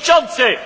przewodniczący!